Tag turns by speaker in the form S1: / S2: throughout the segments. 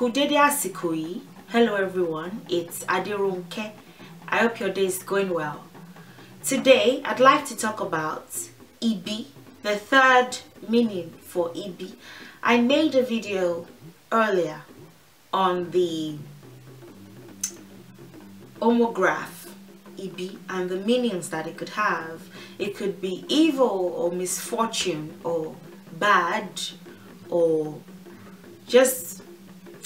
S1: Kudede Asikoyi. Hello everyone, it's Adirunke. I hope your day is going well. Today, I'd like to talk about Ibi, the third meaning for Ibi. I made a video earlier on the homograph Ibi and the meanings that it could have. It could be evil or misfortune or bad or just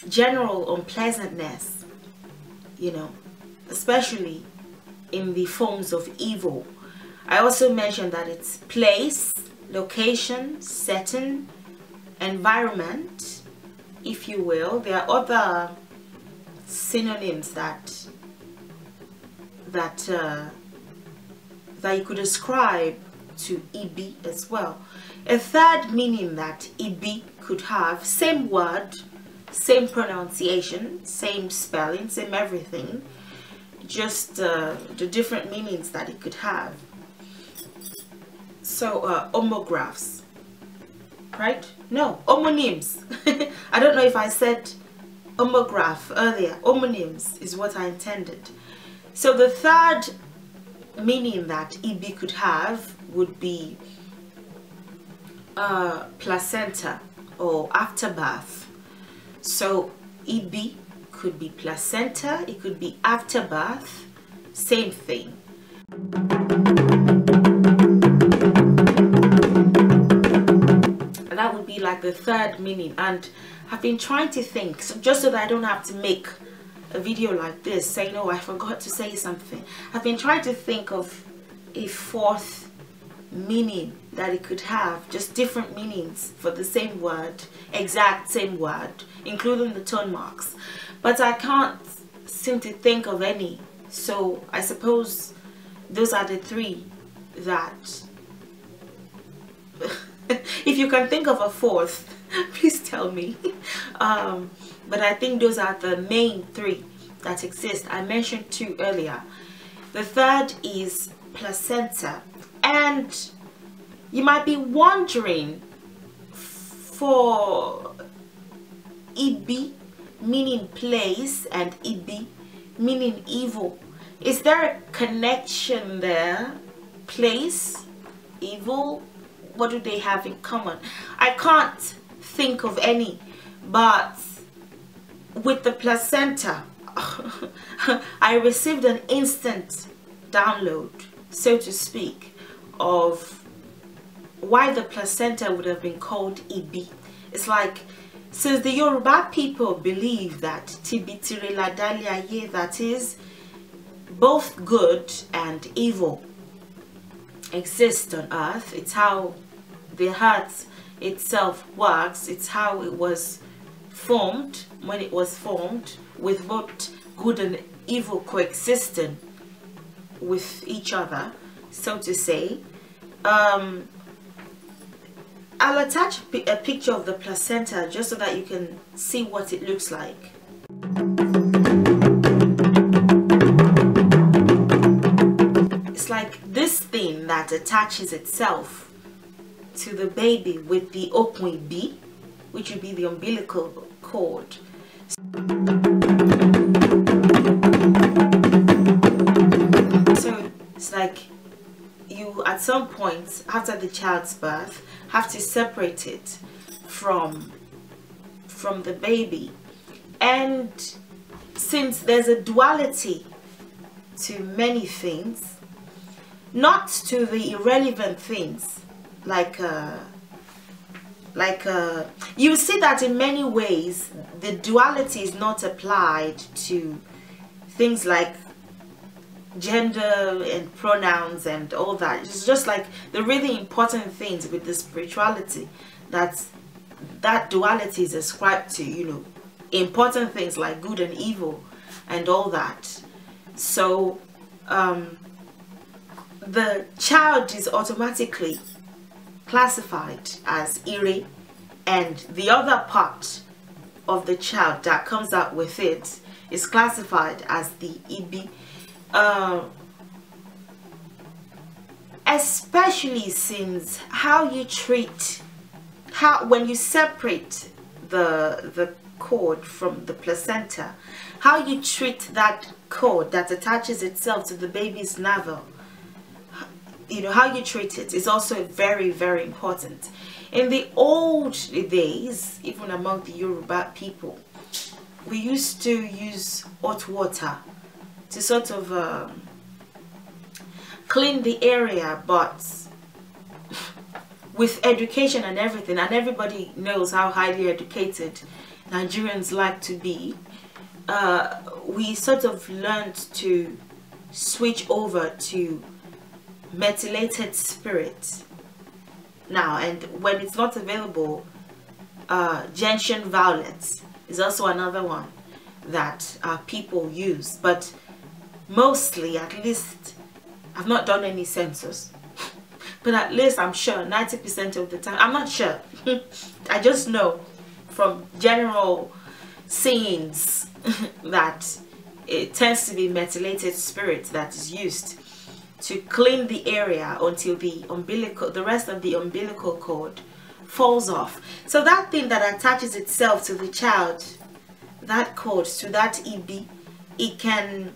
S1: general unpleasantness, you know, especially in the forms of evil. I also mentioned that it's place, location, setting, environment, if you will. There are other synonyms that that uh, that you could ascribe to ibi as well. A third meaning that ibi could have, same word, same pronunciation, same spelling, same everything, just uh, the different meanings that it could have. So uh, homographs, right? No, homonyms. I don't know if I said homograph earlier. Homonyms is what I intended. So the third meaning that EB could have would be uh, placenta or afterbirth so EB could be placenta, it could be after same thing. And that would be like the third meaning and I've been trying to think so just so that I don't have to make a video like this saying oh I forgot to say something. I've been trying to think of a fourth meaning that it could have just different meanings for the same word exact same word including the tone marks. But I can't seem to think of any. So I suppose those are the three that... if you can think of a fourth, please tell me. Um, but I think those are the main three that exist. I mentioned two earlier. The third is placenta. And you might be wondering for ibi meaning place and ibi meaning evil. Is there a connection there? Place, evil, what do they have in common? I can't think of any, but with the placenta, I received an instant download, so to speak, of why the placenta would have been called ibi. It's like since the Yoruba people believe that Tirila Daliaye, that is, both good and evil exist on earth, it's how the heart itself works, it's how it was formed, when it was formed, with both good and evil coexisting with each other, so to say. Um, I'll attach a picture of the placenta just so that you can see what it looks like. It's like this thing that attaches itself to the baby with the okun B, which would be the umbilical cord. So it's like you at some point after the child's birth have to separate it from from the baby and since there's a duality to many things not to the irrelevant things like uh, like uh, you see that in many ways the duality is not applied to things like gender and pronouns and all that it's just like the really important things with the spirituality that that duality is ascribed to you know important things like good and evil and all that so um, the child is automatically classified as iri and the other part of the child that comes out with it is classified as the ibi um, especially since how you treat, how when you separate the, the cord from the placenta, how you treat that cord that attaches itself to the baby's navel, you know, how you treat it is also very, very important. In the old days, even among the Yoruba people, we used to use hot water to sort of um, clean the area but with education and everything and everybody knows how highly educated Nigerians like to be uh, we sort of learned to switch over to methylated spirit now and when it's not available uh, gentian violet is also another one that uh, people use but Mostly, at least, I've not done any census. But at least I'm sure 90% of the time, I'm not sure. I just know from general scenes that it tends to be methylated spirit that is used to clean the area until the umbilical the rest of the umbilical cord falls off so that thing that attaches itself to the child that cord to that eb it can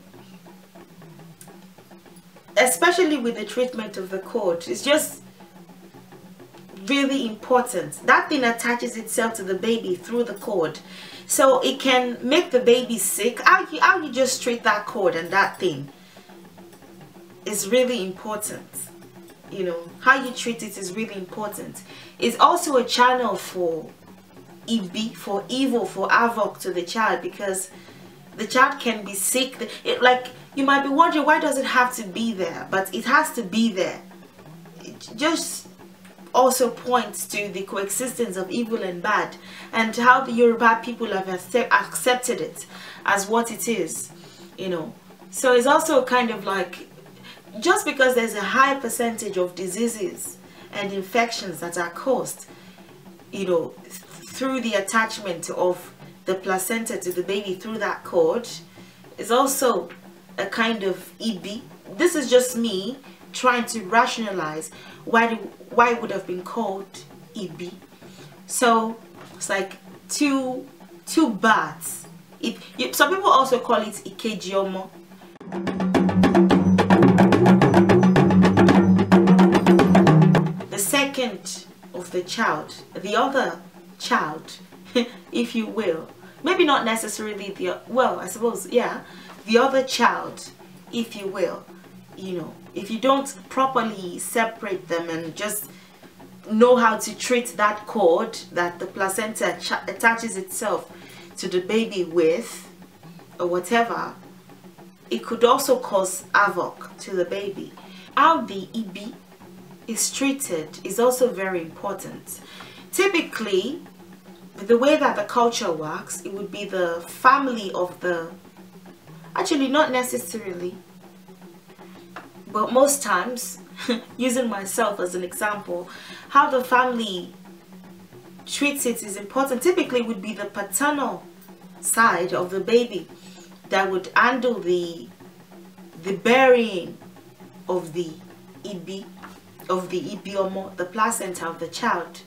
S1: especially with the treatment of the cord it's just really important that thing attaches itself to the baby through the cord so it can make the baby sick how you, how you just treat that cord and that thing is really important you know how you treat it is really important it's also a channel for EB, for evil for havoc to the child because the child can be sick it, like you might be wondering why does it have to be there? But it has to be there. It just also points to the coexistence of evil and bad and how the Yoruba people have accepted it as what it is, you know. So it's also kind of like just because there's a high percentage of diseases and infections that are caused, you know, through the attachment of the placenta to the baby through that cord, is also a kind of EB. This is just me trying to rationalize why, why would have been called EB. So it's like two, two bats. It, some people also call it Ikejiomo. The second of the child, the other child, if you will. Maybe not necessarily the, well, I suppose, yeah the other child, if you will, you know, if you don't properly separate them and just know how to treat that cord that the placenta attaches itself to the baby with or whatever, it could also cause avoc to the baby. How the EB is treated is also very important. Typically, the way that the culture works, it would be the family of the actually not necessarily but most times using myself as an example how the family treats it is important typically would be the paternal side of the baby that would handle the the burying of the ibi of the ibiomo the placenta of the child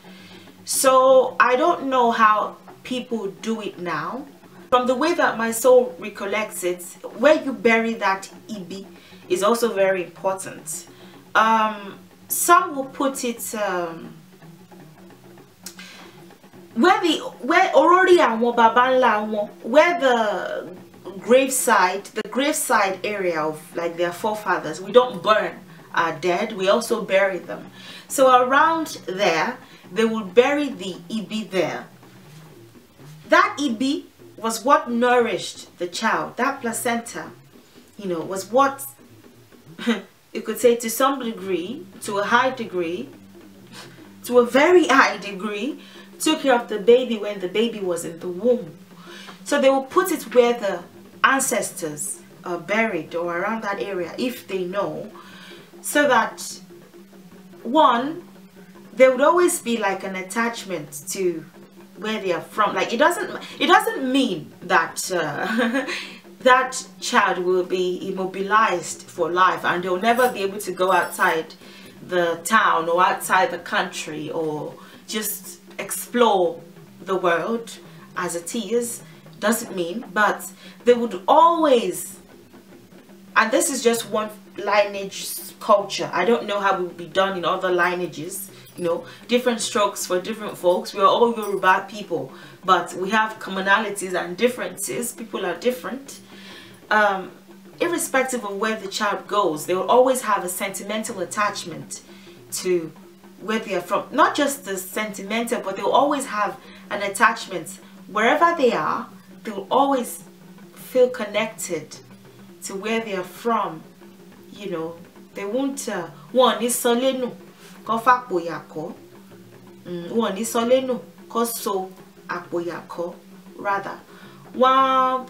S1: so i don't know how people do it now from the way that my soul recollects it, where you bury that ibi is also very important. Um, some will put it um, where the where orori amo babanla, where the graveside the graveside area of like their forefathers we don't burn our dead we also bury them so around there they will bury the ibi there that ibi was what nourished the child. That placenta, you know, was what, you could say to some degree, to a high degree, to a very high degree, took care of the baby when the baby was in the womb. So they will put it where the ancestors are buried or around that area if they know so that one there would always be like an attachment to where they are from like it doesn't it doesn't mean that uh, that child will be immobilized for life and they'll never be able to go outside the town or outside the country or just explore the world as it is doesn't mean but they would always and this is just one lineage culture i don't know how it would be done in other lineages you know different strokes for different folks we are all Yoruba people but we have commonalities and differences people are different um, irrespective of where the child goes they will always have a sentimental attachment to where they are from not just the sentimental but they'll always have an attachment wherever they are they will always feel connected to where they are from you know they won't uh, one is solenu kọ́ fàpòyà kọ́ wọn ní sọ lẹ́nu kọ́ so àpòyà kọ́ rather wọn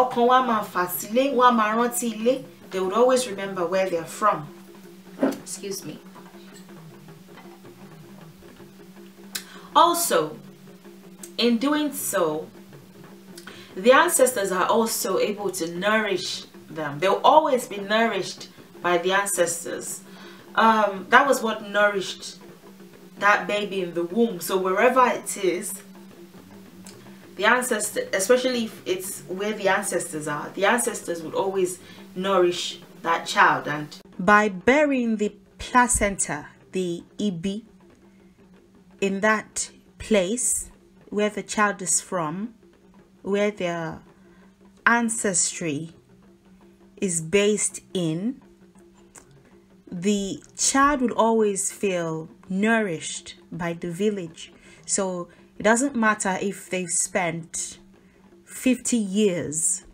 S1: ọkàn wọn máa fà sílé wọn rántí ilé they would always remember where they are from excuse me also in doing so the ancestors are also able to nourish them they'll always be nourished by the ancestors um, that was what nourished that baby in the womb. So wherever it is, the ancestor, especially if it's where the ancestors are, the ancestors would always nourish that child. And by burying the placenta, the ibi, in that place where the child is from, where their ancestry is based in, the child will always feel nourished by the village. So it doesn't matter if they've spent 50 years,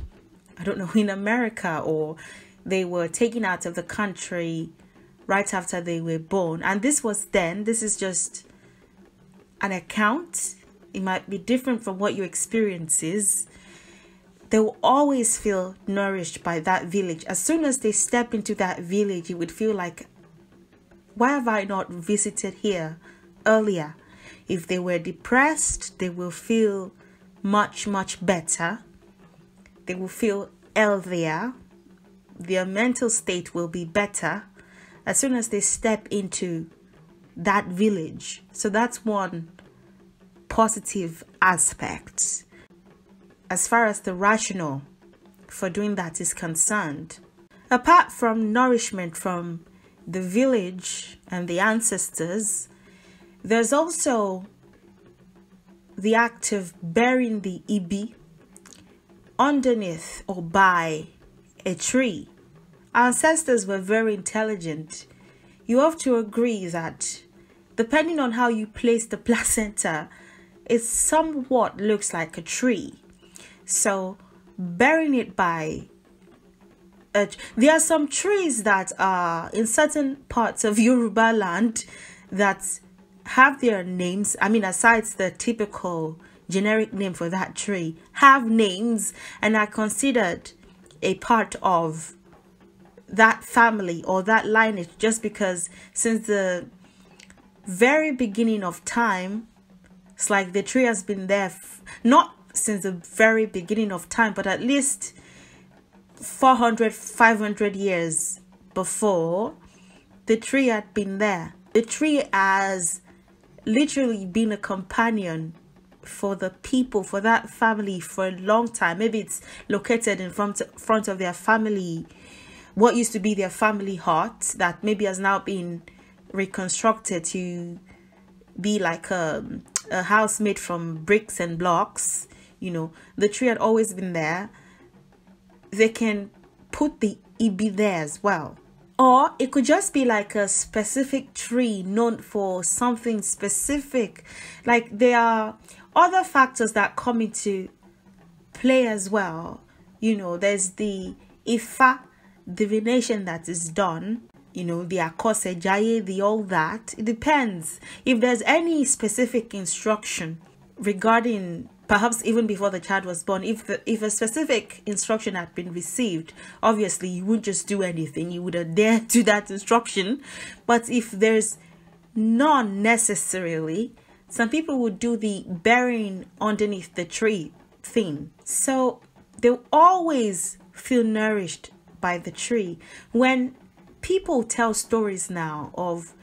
S1: I don't know, in America or they were taken out of the country right after they were born. And this was then, this is just an account. It might be different from what your experience is they will always feel nourished by that village. As soon as they step into that village, you would feel like, why have I not visited here earlier? If they were depressed, they will feel much, much better. They will feel healthier. Their mental state will be better as soon as they step into that village. So that's one positive aspect as far as the rationale for doing that is concerned. Apart from nourishment from the village and the ancestors, there's also the act of burying the ibi underneath or by a tree. ancestors were very intelligent. You have to agree that depending on how you place the placenta, it somewhat looks like a tree. So burying it by a, there are some trees that are in certain parts of Yoruba land that have their names. I mean, aside the typical generic name for that tree, have names and are considered a part of that family or that lineage just because since the very beginning of time it's like the tree has been there not since the very beginning of time, but at least 400, 500 years before, the tree had been there. The tree has literally been a companion for the people, for that family for a long time. Maybe it's located in front, front of their family, what used to be their family heart that maybe has now been reconstructed to be like um, a, a house made from bricks and blocks you know the tree had always been there they can put the eb there as well or it could just be like a specific tree known for something specific like there are other factors that come into play as well you know there's the ifa divination that is done you know the akose jaye the all that it depends if there's any specific instruction regarding perhaps even before the child was born if the, if a specific instruction had been received obviously you wouldn't just do anything you would adhere to that instruction but if there's not necessarily some people would do the burying underneath the tree thing so they'll always feel nourished by the tree when people tell stories now of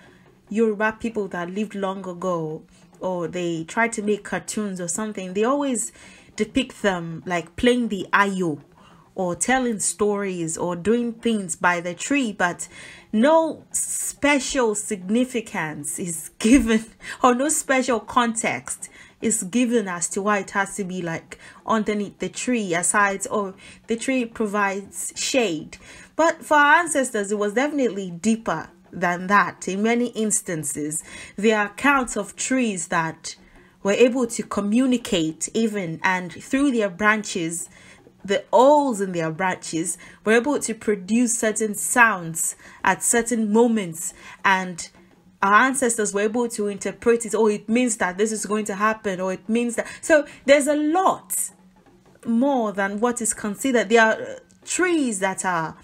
S1: Yoruba people that lived long ago or they try to make cartoons or something, they always depict them like playing the ayo or telling stories or doing things by the tree, but no special significance is given or no special context is given as to why it has to be like underneath the tree aside or the tree provides shade but for our ancestors it was definitely deeper than that. In many instances, there are accounts of trees that were able to communicate even and through their branches the holes in their branches were able to produce certain sounds at certain moments and our ancestors were able to interpret it oh it means that this is going to happen or it means that so there's a lot more than what is considered there are trees that are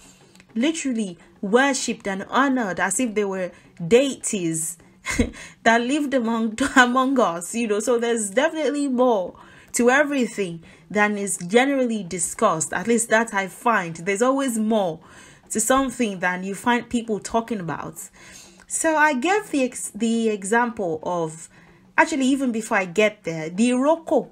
S1: literally worshipped and honored as if they were deities that lived among among us you know so there's definitely more to everything than is generally discussed at least that i find there's always more to something than you find people talking about so i gave the ex- the example of actually even before i get there the iroko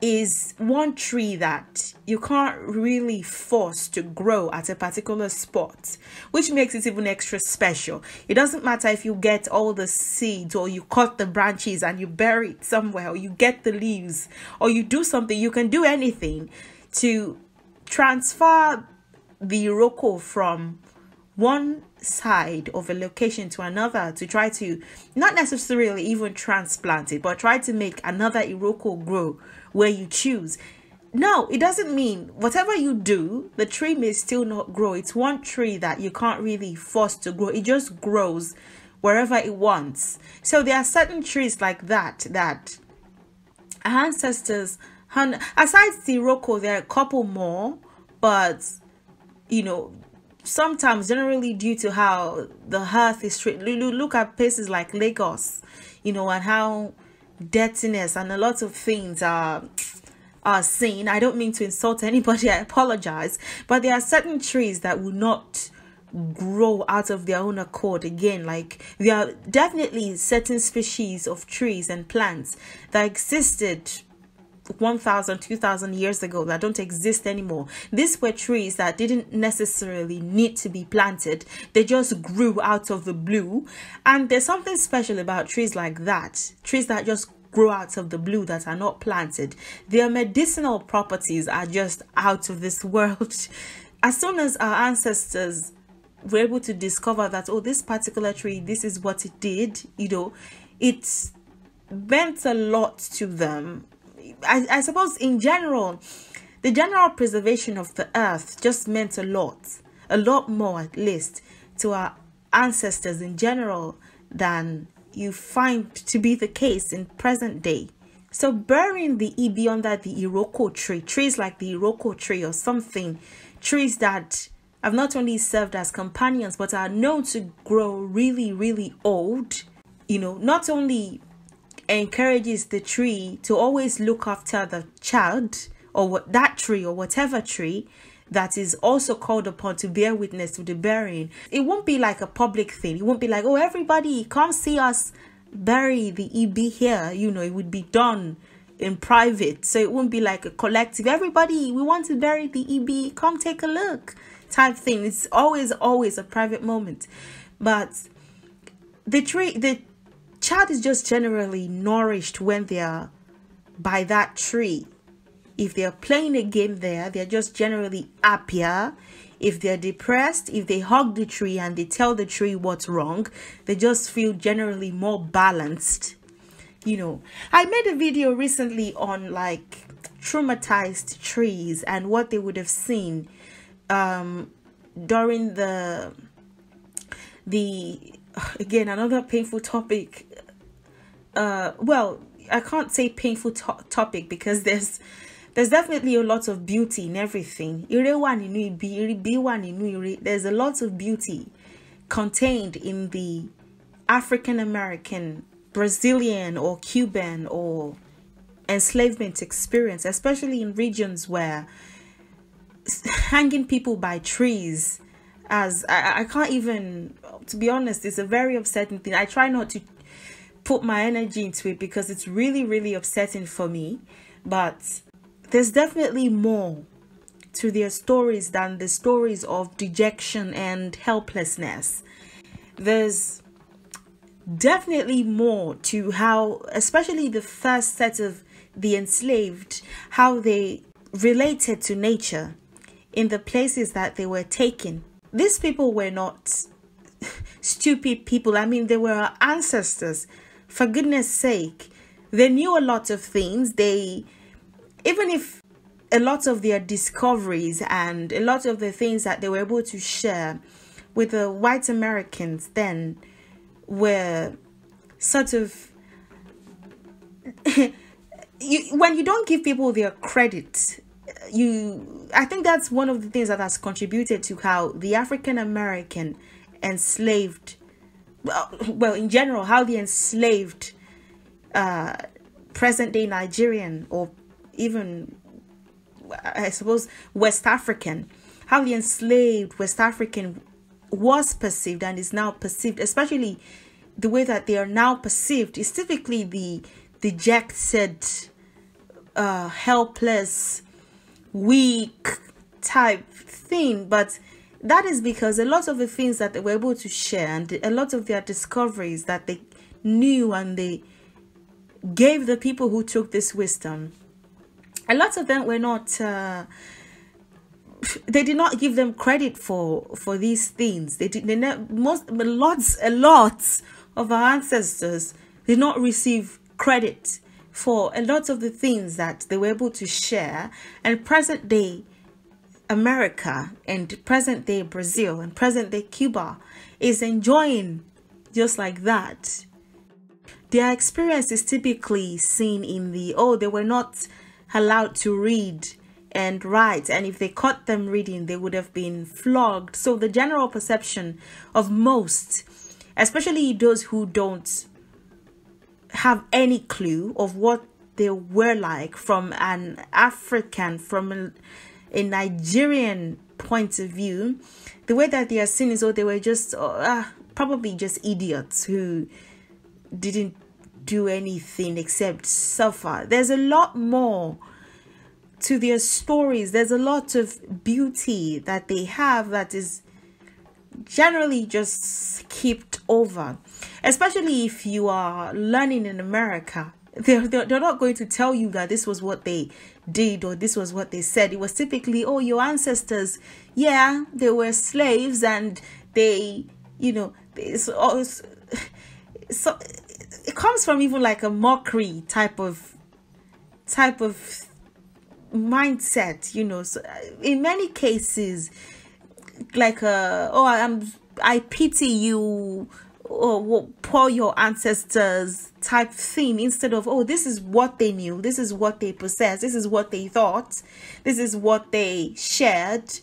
S1: is one tree that you can't really force to grow at a particular spot, which makes it even extra special. It doesn't matter if you get all the seeds or you cut the branches and you bury it somewhere or you get the leaves or you do something, you can do anything to transfer the Iroko from one side of a location to another to try to not necessarily even transplant it, but try to make another Iroko grow where you choose. No, it doesn't mean whatever you do, the tree may still not grow. It's one tree that you can't really force to grow, it just grows wherever it wants. So there are certain trees like that that ancestors, aside Sirocco, there are a couple more, but you know, sometimes generally due to how the earth is treated, look at places like Lagos, you know, and how dirtiness and a lot of things are are seen. I don't mean to insult anybody, I apologize, but there are certain trees that will not grow out of their own accord again like there are definitely certain species of trees and plants that existed 1,000, 2,000 years ago that don't exist anymore. These were trees that didn't necessarily need to be planted. They just grew out of the blue. And there's something special about trees like that. Trees that just grow out of the blue that are not planted. Their medicinal properties are just out of this world. As soon as our ancestors were able to discover that, oh, this particular tree, this is what it did, you know, it meant a lot to them I, I suppose in general, the general preservation of the earth just meant a lot, a lot more at least, to our ancestors in general than you find to be the case in present day. So burying the EB under the Iroko tree, trees like the Iroko tree or something, trees that have not only served as companions but are known to grow really, really old, you know, not only encourages the tree to always look after the child or what, that tree or whatever tree that is also called upon to bear witness to the burying. It won't be like a public thing. It won't be like, oh, everybody, come see us bury the EB here. You know, it would be done in private. So it won't be like a collective, everybody, we want to bury the EB, come take a look type thing. It's always, always a private moment. But the tree, the child is just generally nourished when they are by that tree. If they are playing a game there, they're just generally happier. If they're depressed, if they hug the tree and they tell the tree what's wrong, they just feel generally more balanced. You know, I made a video recently on like traumatized trees and what they would have seen um, during the the again another painful topic uh, well, I can't say painful to- topic because there's there's definitely a lot of beauty in everything. There's a lot of beauty contained in the African American, Brazilian, or Cuban or enslavement experience, especially in regions where hanging people by trees as I, I can't even to be honest it's a very upsetting thing i try not to put my energy into it because it's really, really upsetting for me. But there's definitely more to their stories than the stories of dejection and helplessness. There's definitely more to how, especially the first set of the enslaved, how they related to nature in the places that they were taken. These people were not stupid people. I mean, they were our ancestors for goodness sake, they knew a lot of things. They, even if a lot of their discoveries and a lot of the things that they were able to share with the white Americans then were sort of. you, when you don't give people their credit, you I think that's one of the things that has contributed to how the African American enslaved uh, well, in general, how the enslaved uh, present day Nigerian or even, I suppose, West African, how the enslaved West African was perceived and is now perceived, especially the way that they are now perceived, is typically the dejected, uh, helpless, weak type thing. But that is because a lot of the things that they were able to share and a lot of their discoveries that they knew and they gave the people who took this wisdom, a lot of them were not. Uh, they did not give them credit for for these things. They did. They ne- most lots a lot of our ancestors did not receive credit for a lot of the things that they were able to share. And present day America and present day Brazil and present day Cuba is enjoying just like that. Their experience is typically seen in the oh, they were not allowed to read and write, and if they caught them reading, they would have been flogged. So, the general perception of most, especially those who don't have any clue of what they were like from an African, from a a Nigerian point of view, the way that they are seen is, oh, they were just uh, probably just idiots who didn't do anything except suffer. There's a lot more to their stories. There's a lot of beauty that they have that is generally just skipped over, especially if you are learning in America. They're, they're, they're not going to tell you that this was what they did or this was what they said it was typically oh your ancestors yeah they were slaves and they you know it's always so it comes from even like a mockery type of type of mindset you know so uh, in many cases like a, uh, oh i'm i pity you oh, poor your ancestors type thing instead of oh this is what they knew this is what they possessed this is what they thought this is what they shared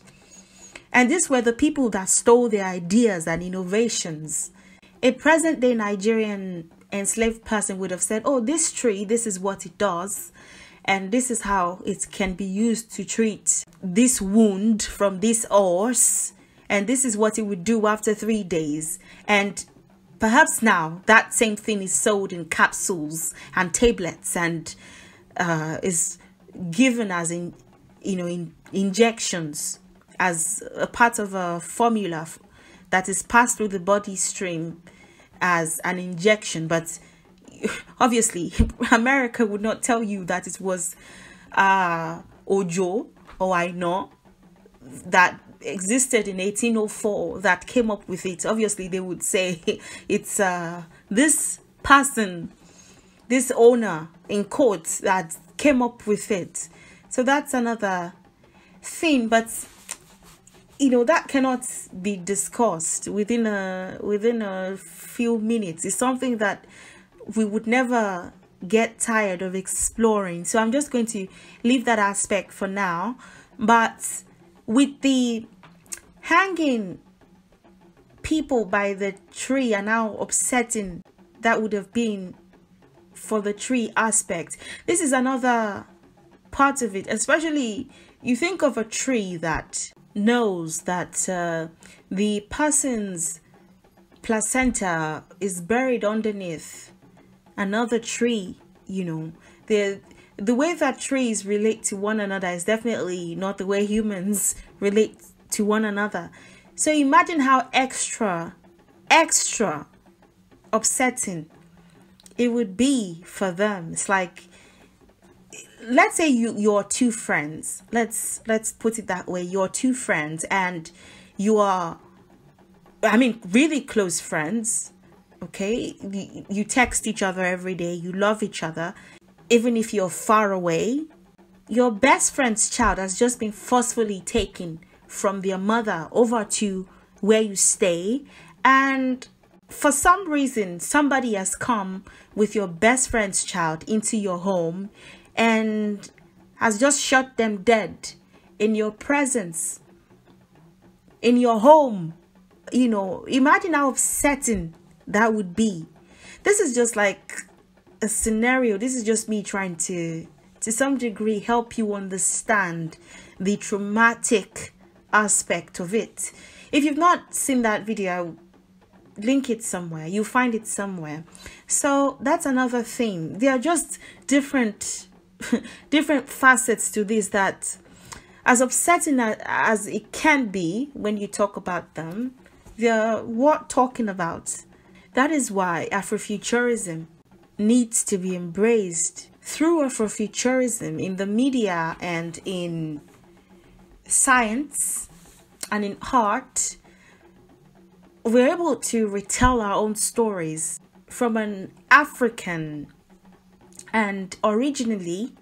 S1: and these were the people that stole their ideas and innovations a present day nigerian enslaved person would have said oh this tree this is what it does and this is how it can be used to treat this wound from this horse and this is what it would do after three days and Perhaps now that same thing is sold in capsules and tablets and uh, is given as in you know in injections as a part of a formula that is passed through the body stream as an injection but obviously america would not tell you that it was uh, ojo or i know that existed in 1804 that came up with it obviously they would say it's uh, this person this owner in court that came up with it so that's another thing but you know that cannot be discussed within a within a few minutes it's something that we would never get tired of exploring so i'm just going to leave that aspect for now but with the hanging people by the tree are now upsetting that would have been for the tree aspect. This is another part of it, especially you think of a tree that knows that uh, the person's placenta is buried underneath another tree, you know. The the way that trees relate to one another is definitely not the way humans relate to one another. So imagine how extra, extra upsetting it would be for them. It's like let's say you you're two friends. Let's let's put it that way. You're two friends and you are I mean really close friends. Okay? You, you text each other every day. You love each other even if you're far away. Your best friend's child has just been forcefully taken from their mother over to where you stay and for some reason somebody has come with your best friend's child into your home and has just shot them dead in your presence in your home you know imagine how upsetting that would be this is just like a scenario this is just me trying to to some degree help you understand the traumatic aspect of it. If you've not seen that video, link it somewhere. You'll find it somewhere. So that's another thing. There are just different different facets to this that as upsetting as it can be when you talk about them, they're what talking about. That is why Afrofuturism needs to be embraced. Through Afrofuturism in the media and in science and in art, we're able to retell our own stories from an African and originally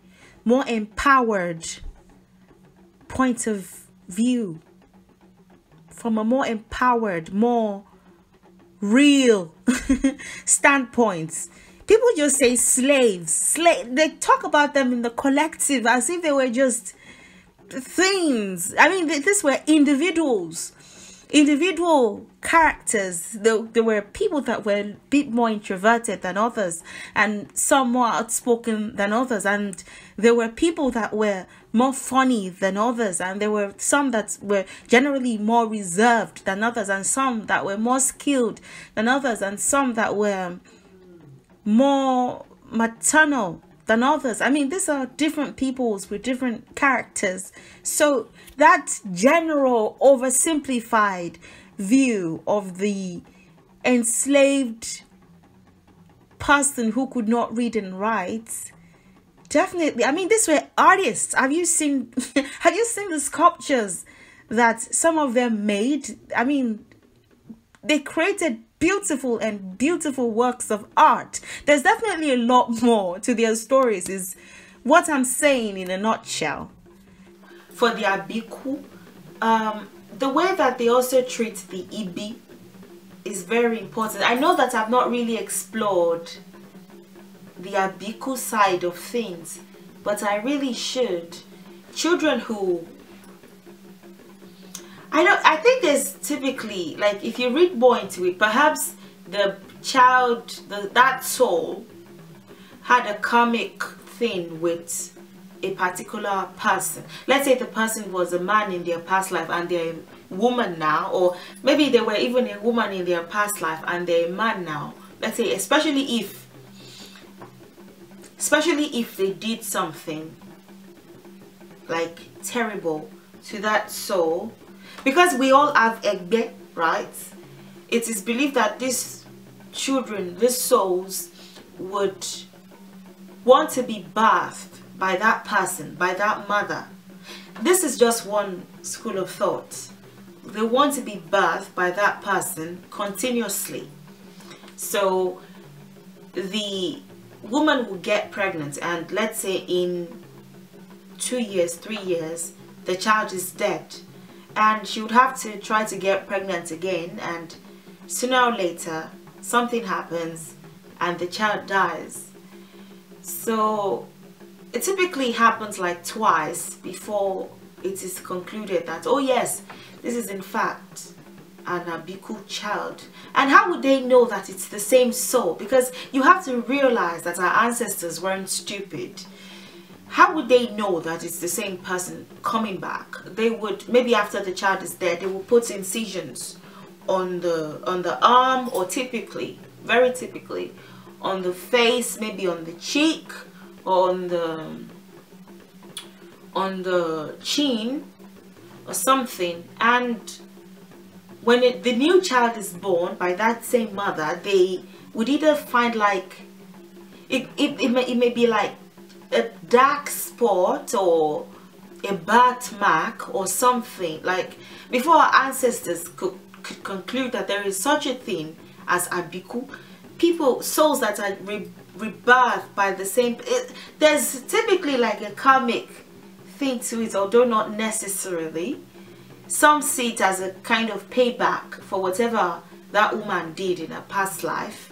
S1: more empowered point of view, from a more empowered, more real standpoints. People just say slaves, slave. They talk about them in the collective as if they were just things. I mean, these were individuals, individual characters. There, there were people that were a bit more introverted than others, and some more outspoken than others. And there were people that were more funny than others, and there were some that were generally more reserved than others, and some that were more skilled than others, and some that were more maternal than others. I mean, these are different peoples with different characters. So that general oversimplified view of the enslaved person who could not read and write definitely i mean these were artists have you seen have you seen the sculptures that some of them made i mean they created beautiful and beautiful works of art. There's definitely a lot more to their stories, is what I'm saying in a nutshell. For the Abiku, um, the way that they also treat the Ibi is very important. I know that I've not really explored the Abiku side of things, but I really should. Children who I don't. I think there's typically like if you read more into it, perhaps the child, the, that soul, had a karmic thing with a particular person. Let's say the person was a man in their past life and they're a woman now, or maybe they were even a woman in their past life and they're a man now. Let's say, especially if, especially if they did something like terrible to that soul because we all have Egbe, right? It is believed that these children, these souls, would want to be bathed by that person, by that mother. This is just one school of thought. They want to be bathed by that person continuously. So the woman will get pregnant and let's say in two years, three years, the child is dead and she would have to try to get pregnant again and sooner or later something happens and the child dies so it typically happens like twice before it is concluded that oh yes this is in fact an abiku child and how would they know that it's the same soul because you have to realize that our ancestors weren't stupid how would they know that it's the same person coming back? They would, maybe after the child is dead, they will put incisions on the, on the arm or typically, very typically, on the face, maybe on the cheek, on the, on the chin or something. And when it, the new child is born by that same mother, they would either find like, it, it, it, may, it may be like a dark spot or a birthmark or something like before our ancestors could, could conclude that there is such a thing as abiku people souls that are re rebirthed by the same it, there's typically like a karmic thing to it although not necessarily some see it as a kind of payback for whatever that woman did in her past life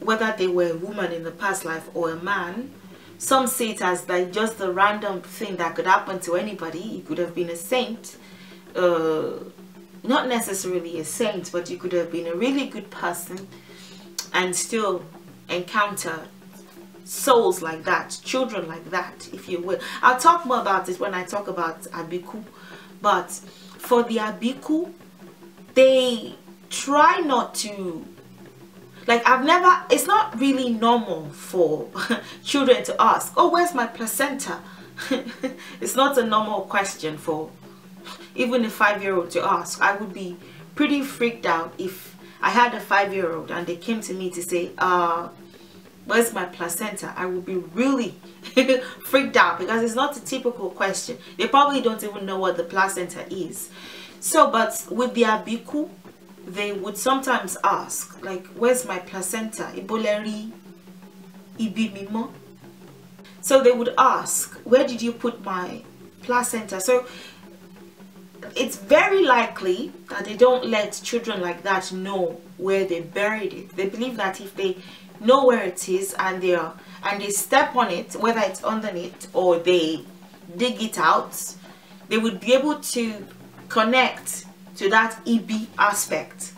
S1: whether they were a woman in the past life or a man some see it as like just a random thing that could happen to anybody. You could have been a saint, uh, not necessarily a saint, but you could have been a really good person and still encounter souls like that, children like that, if you will. I'll talk more about this when I talk about Abiku. But for the Abiku, they try not to like I've never it's not really normal for children to ask oh where's my placenta it's not a normal question for even a five-year-old to ask I would be pretty freaked out if I had a five-year-old and they came to me to say uh where's my placenta I would be really freaked out because it's not a typical question they probably don't even know what the placenta is so but with the abiku they would sometimes ask, like, where's my placenta? Iboleri ibimimo. So they would ask, where did you put my placenta? So it's very likely that they don't let children like that know where they buried it. They believe that if they know where it is and they are and they step on it, whether it's underneath or they dig it out, they would be able to connect to that EB aspect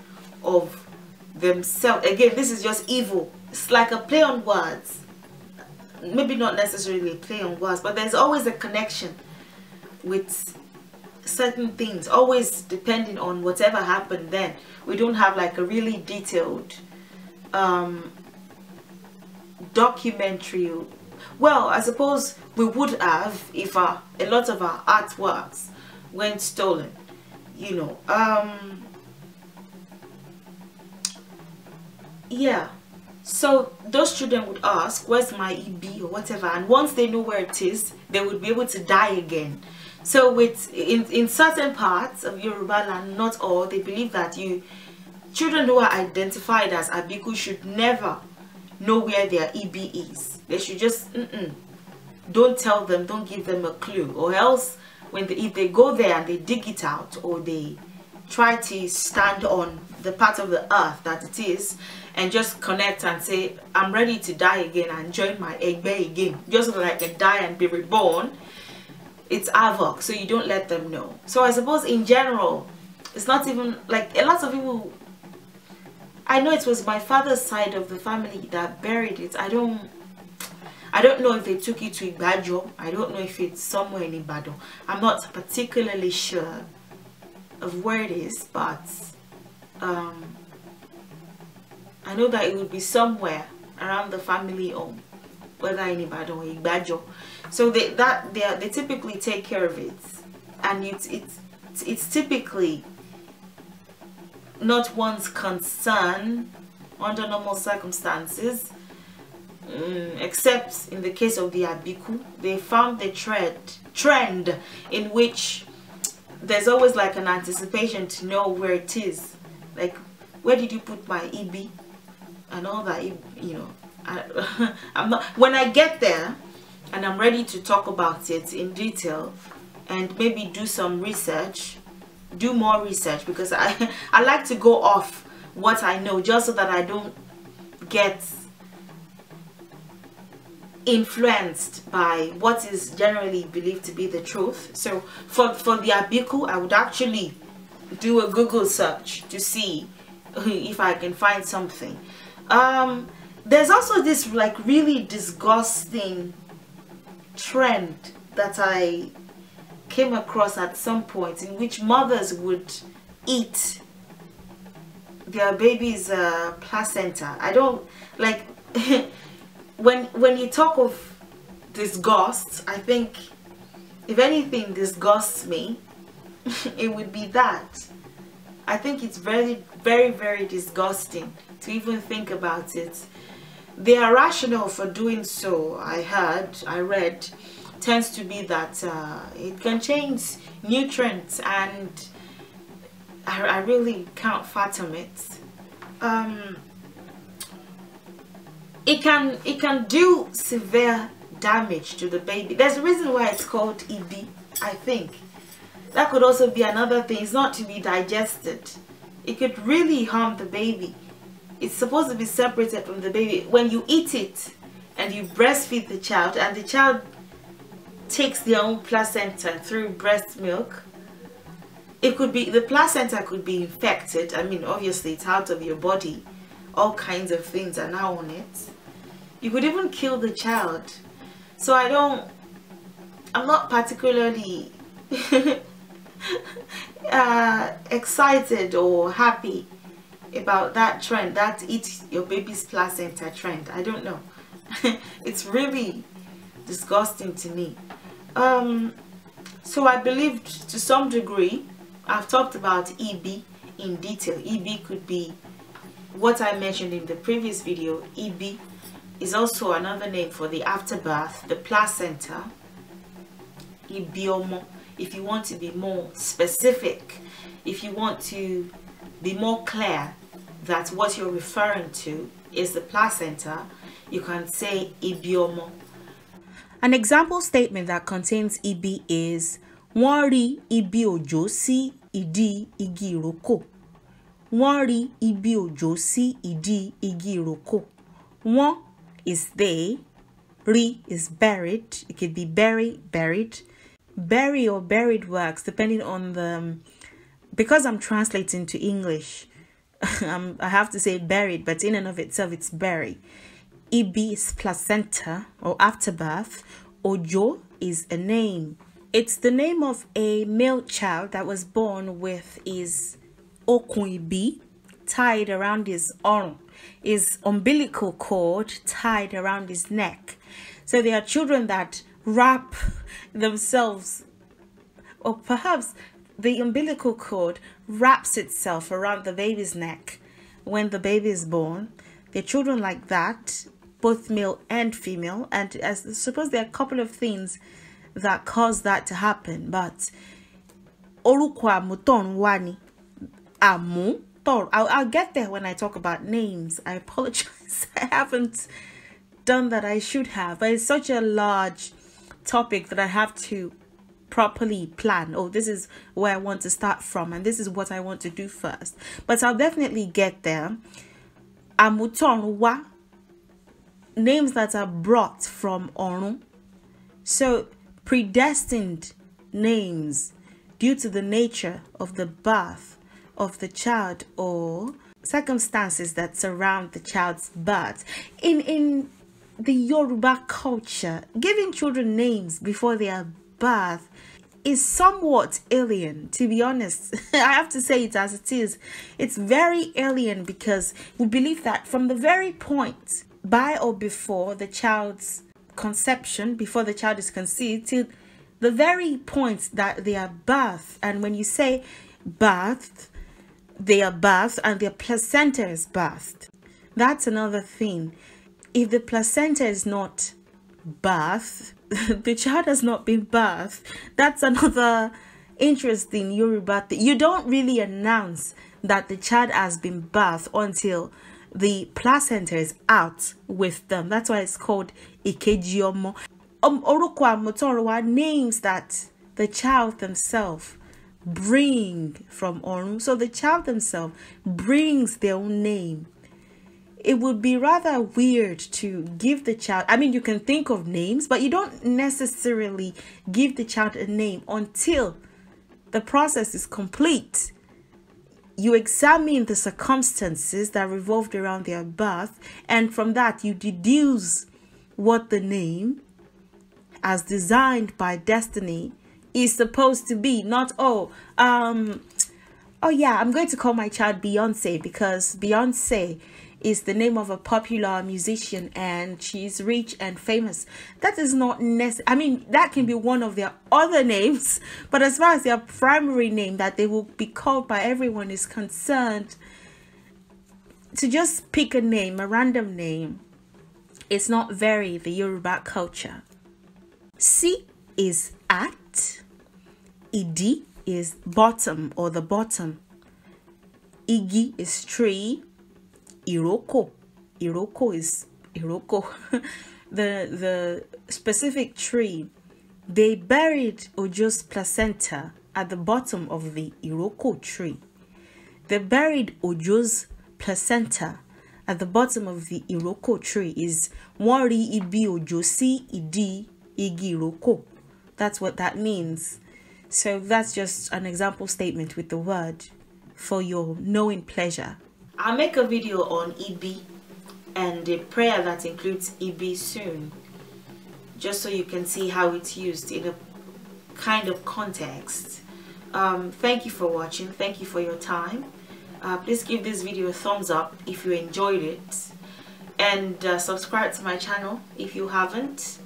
S1: of themselves. Again, this is just evil. It's like a play on words. Maybe not necessarily a play on words, but there's always a connection with certain things, always depending on whatever happened then. We don't have like a really detailed um, documentary. Well, I suppose we would have if our, a lot of our artworks went stolen you know um yeah so those children would ask where's my eb or whatever and once they know where it is they would be able to die again so with in in certain parts of yoruba land not all they believe that you children who are identified as abiku should never know where their eb is they should just mm -mm, don't tell them don't give them a clue or else when they, if they go there and they dig it out or they try to stand on the part of the earth that it is and just connect and say i'm ready to die again and join my egbe again just so that i can die and be reborn it's havoc so you don't let them know so i suppose in general it's not even like a lot of people i know it was my father's side of the family that buried it i don't I don't know if they took it to Ibadan. I don't know if it's somewhere in Ibadan. I'm not particularly sure of where it is, but um, I know that it would be somewhere around the family home, whether in Ibadan or Ibadan. So they, that they, they typically take care of it, and it's it's it's typically not one's concern under normal circumstances Mm, except in the case of the Abiku, they found the trend, trend in which there's always like an anticipation to know where it is. Like, where did you put my EB and all that, you know. I, I'm not, when I get there and I'm ready to talk about it in detail and maybe do some research, do more research because I, I like to go off what I know just so that I don't get influenced by what is generally believed to be the truth. So for, for the Abiku, I would actually do a Google search to see if I can find something. Um, there's also this like really disgusting trend that I came across at some point in which mothers would eat their baby's uh, placenta. I don't like when when you talk of disgust, I think if anything disgusts me, it would be that. I think it's very, very, very disgusting to even think about it. are rationale for doing so, I heard, I read, tends to be that uh, it contains nutrients and I, I really can't fathom it. Um, it can it can do severe damage to the baby there's a reason why it's called ed i think that could also be another thing it's not to be digested it could really harm the baby it's supposed to be separated from the baby when you eat it and you breastfeed the child and the child takes their own placenta through breast milk it could be the placenta could be infected i mean obviously it's out of your body all kinds of things are now on it. You could even kill the child. So I don't, I'm not particularly uh, excited or happy about that trend, that eat your baby's placenta trend. I don't know. it's really disgusting to me. Um, so I believe, to some degree, I've talked about EB in detail. EB could be what I mentioned in the previous video, EB, is also another name for the afterbirth, the placenta, ibiomo, if you want to be more specific, if you want to be more clear that what you're referring to is the placenta, you can say ibiomo. An example statement that contains ib is "Wari rí ibi sí ìdí igiruko." wọ́n rí ibi òjò sí ìdí igi ìrókò wọ́n is they rí is buried it could be bury buried bury or buried works depending on the because I'm translating to English I'm, um, I have to say buried but in and of itself it's bury ibi is placenta or afterbirth ojo is a name it's the name of a male child that was born with his okun bi tied around his arm, his umbilical cord tied around his neck. So there are children that wrap themselves, or perhaps the umbilical cord wraps itself around the baby's neck when the baby is born. There are children like that, both male and female, and I suppose there are a couple of things that cause that to happen, but Orukwa Muton Wani Amu Thor. I'll, I'll get there when I talk about names. I apologize. I haven't done that. I should have. But it's such a large topic that I have to properly plan. Oh, this is where I want to start from, and this is what I want to do first. But I'll definitely get there. Amutonwa, names that are brought from Orun. So, predestined names due to the nature of the birth of the child or circumstances that surround the child's birth. In in the Yoruba culture, giving children names before their birth is somewhat alien, to be honest. I have to say it as it is. It's very alien because we believe that from the very point by or before the child's conception, before the child is conceived, to the very point that they are birthed. And when you say birth they are bathed, and their placenta is birthed. That's another thing. If the placenta is not birthed, the child has not been birthed. That's another interesting Yoruba thing. You don't really announce that the child has been birthed until the placenta is out with them. That's why it's called Ikejiomo. Um, Orukwa Motorowa names that the child themselves bring from Ornu. So the child themselves brings their own name. It would be rather weird to give the child, I mean, you can think of names, but you don't necessarily give the child a name until the process is complete. You examine the circumstances that revolved around their birth, and from that, you deduce what the name, as designed by destiny, is supposed to be not oh um oh yeah i'm going to call my child beyonce because beyonce is the name of a popular musician and she's rich and famous that is not necessary i mean that can be one of their other names but as far as their primary name that they will be called by everyone is concerned to just pick a name a random name it's not very the yoruba culture c is at ed is bottom or the bottom. Igi is tree. Iroko. Iroko is Iroko. the the specific tree. They buried Ojo's placenta at the bottom of the Iroko tree. They buried Ojo's placenta at the bottom of the Iroko tree is Wari Ibi Ojo si Idi Igi Iroko. That's what that means. So that's just an example statement with the word for your knowing pleasure. I'll make a video on EB and a prayer that includes EB soon, just so you can see how it's used in a kind of context. Um, thank you for watching. Thank you for your time. Uh, please give this video a thumbs up if you enjoyed it and uh, subscribe to my channel if you haven't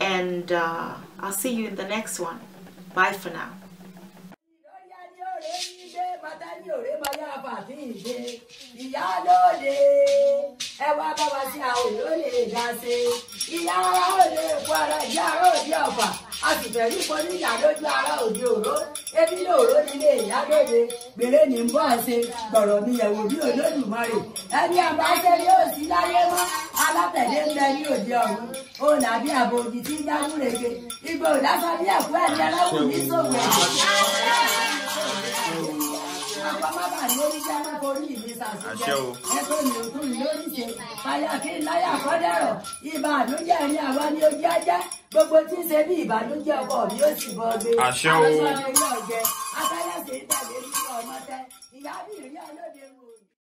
S1: and uh, I'll see you in the next one. Bye for now.
S2: a sì tẹ̀lé ìfọ́ níyà lójú ara òde òró ebi lóòró nílé ìyá lóde gbèrè ní bọ́ àṣẹ gbọ̀rọ̀ mi yẹ̀wò bí olódùmarè ẹni àbáṣe yóò sí láyé mọ́ alátẹ̀lé ń bẹ ní òde ọ̀run òun àbí àbò òdì tí ń dáhùn rege igbó ìdásọ bí ẹ̀kú ẹ̀jẹ̀ lọ́wọ́ ní sòwò àṣẹ o. ẹ̀kọ́ mi àṣẹ o.